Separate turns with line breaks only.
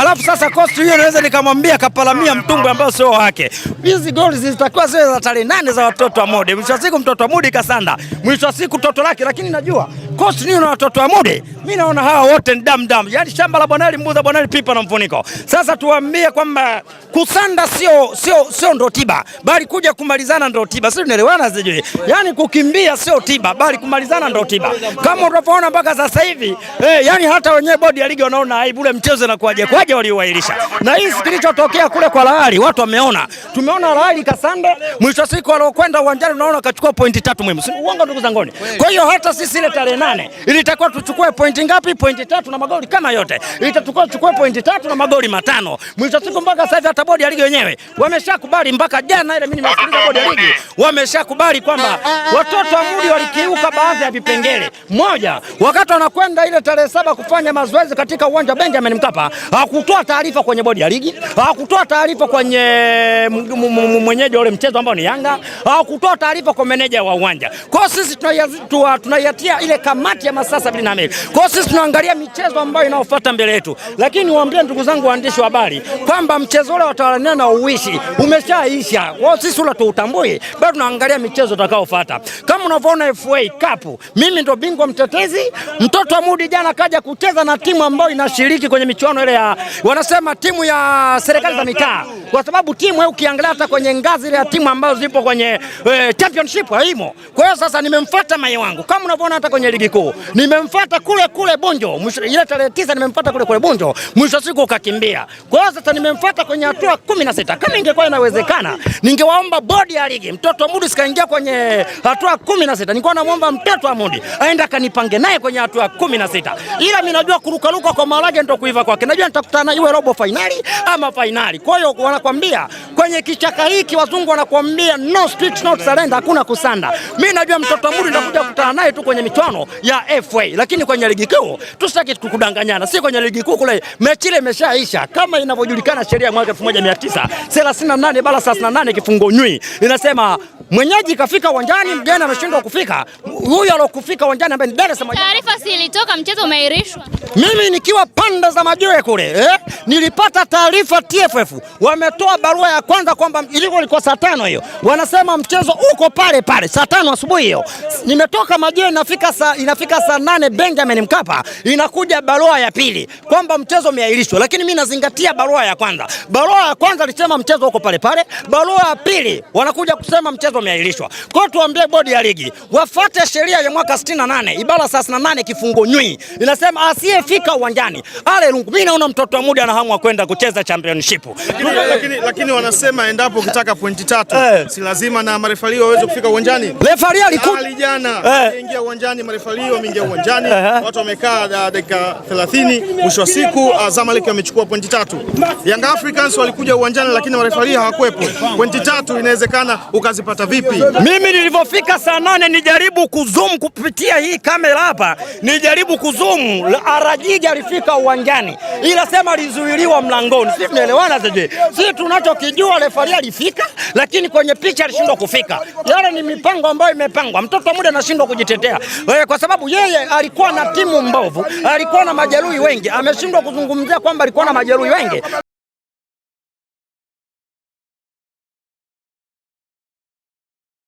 Alafu sasa kosti hiyo naweza nikamwambia kapalamia mtumbwe ambao sio wake. Hizi goli zilitakiwa ziwe za tarehe nane za watoto wa Mode. Mwisho wa siku mtoto wa Mudi kasanda, mwisho wa siku toto lake, lakini najua kosi Coastal na watoto wa Mude, mimi naona hawa wote ni damu damu, yaani shamba la Bwanali, mbuza Bwanali, pipa na mfuniko. Sasa tuambie kwamba kusanda sio sio sio ndo tiba, bali kuja kumalizana ndo tiba, sio tunaelewana? Sijui yaani kukimbia sio tiba, bali kumalizana ndo tiba, kama unavyoona mpaka sasa hivi eh, yaani hata wenyewe bodi ya ligi wanaona aibu, ule mchezo na kuaje kuaje waliuahirisha, na hii kilichotokea kule kwa Lahali watu wameona, tumeona Lahali kasanda, mwisho siku waliokwenda uwanjani unaona kachukua pointi tatu muhimu, si uongo ndugu zangoni. Kwa hiyo hata sisi ile tarehe nane ilitakuwa tuchukue pointi ngapi? Pointi tatu na magoli kama yote, ilitakuwa tuchukue pointi tatu na magoli matano. Mwisho siku mpaka sasa hivi hata bodi ya ligi wenyewe wameshakubali, mpaka jana ile mimi nimesikiliza bodi ya ligi wameshakubali kwamba watoto wa Mudi walikiuka baadhi ya vipengele. Moja, wakati wanakwenda ile tarehe saba kufanya mazoezi katika uwanja wa Benjamin Mkapa hakutoa taarifa kwenye bodi ya ligi, hakutoa taarifa kwenye mwenyeji wa ule mchezo ambao ni Yanga, hakutoa taarifa kwa meneja wa uwanja. Kwa hiyo sisi tunaiatia ile kamati ya masaa sabini na mbili. Kwa hiyo sisi tunaangalia michezo ambayo inayofuata mbele yetu, lakini niwaambie ndugu zangu waandishi wa habari kwamba mchezo ule watawalania na uishi umeshaisha. Kwa hiyo sisi ule tuutambui, bado tunaangalia michezo itakayofuata. Kama unavyoona FA Cup, mimi ndo bingwa mtetezi. Mtoto wa Mudi jana kaja kucheza na timu ambayo inashiriki kwenye michuano ile ya wanasema timu ya serikali za mitaa, kwa sababu timu hiyo ukiangalia hata kwenye ngazi ile ya timu ambazo zipo kwenye eh, championship haimo. Kwa hiyo sasa nimemfuata mai wangu kama unavyoona hata kwenye ligi ligi kuu. nimemfuata kule kule Bunjo ile tarehe tisa, nimemfuata kule kule Bunjo, mwisho siku ukakimbia. Kwa hiyo sasa nimemfuata kwenye hatua kumi na sita. Kama ingekuwa inawezekana, ningewaomba bodi ya ligi, mtoto Amudi sikaingia kwenye hatua kumi na sita. Nilikuwa namwomba mtoto Amudi aenda akanipange naye kwenye hatua kumi na sita, ila mimi najua kurukaruka kwa Marage ndo kuiva kwake, najua nitakutana iwe robo fainali ama fainali. Kwa hiyo wanakwambia kwenye kichaka hiki wazungu wanakuambia no street not surrender, hakuna kusanda. Mimi najua mtoto mburi ndakuja kutana kukutana naye tu kwenye michuano ya FA, lakini kwenye ligi kuu tusitaki kudanganyana. Si kwenye ligi kuu kule, mechi ile imeshaisha kama inavyojulikana sheria ya mwaka 1938 bala 38 kifungo nywi inasema mwenyeji kafika uwanjani, mgeni ameshindwa kufika. Huyo alokufika uwanjani ambaye ni Dar es Salaam.
Taarifa ilitoka mchezo umeahirishwa.
Mimi nikiwa panda za majue kule eh, nilipata taarifa TFF wametoa barua ya kwanza kwamba ilikuwa ilikuwa saa tano hiyo, wanasema mchezo uko pale pale saa tano asubuhi hiyo. Nimetoka majue inafika saa inafika saa nane Benjamin Mkapa, inakuja barua ya pili kwamba mchezo umeahirishwa, lakini mimi nazingatia barua ya kwanza. Barua ya kwanza ilisema mchezo uko pale pale, barua ya pili wanakuja kusema mchezo wameahirishwa. Kwa tuambie bodi ya ligi wafuate sheria ya mwaka 68 ibara 38 kifungu nywi inasema asiyefika uwanjani ale rungu. Mimi naona mtoto wa muda ana hamu kwenda kucheza championship,
lakini lakini wanasema endapo ukitaka pointi tatu eh, si lazima na marefali waweze kufika uwanjani.
Refali alikuja
jana eh. aingia uwanjani, marefali wameingia uwanjani, uh eh. -huh. watu wamekaa ah, dakika 30. Mwisho wa siku ah, Zamalek amechukua pointi tatu. Young Africans walikuja uwanjani, lakini marefali hawakuwepo. Pointi tatu inawezekana ukazipata vipi?
Mimi nilivyofika saa nane nijaribu kuzoom kupitia hii kamera hapa, nijaribu kuzoom arajiji alifika uwanjani, ila sema alizuiliwa mlangoni. Sisi tunaelewana zeje? Sisi tunachokijua refaria alifika, lakini kwenye picha alishindwa kufika. Yale yaani ni mipango ambayo imepangwa, mtoto muda anashindwa kujitetea eh, kwa sababu yeye alikuwa na timu mbovu, alikuwa na majeruhi wengi, ameshindwa kuzungumzia kwamba alikuwa na majeruhi wengi.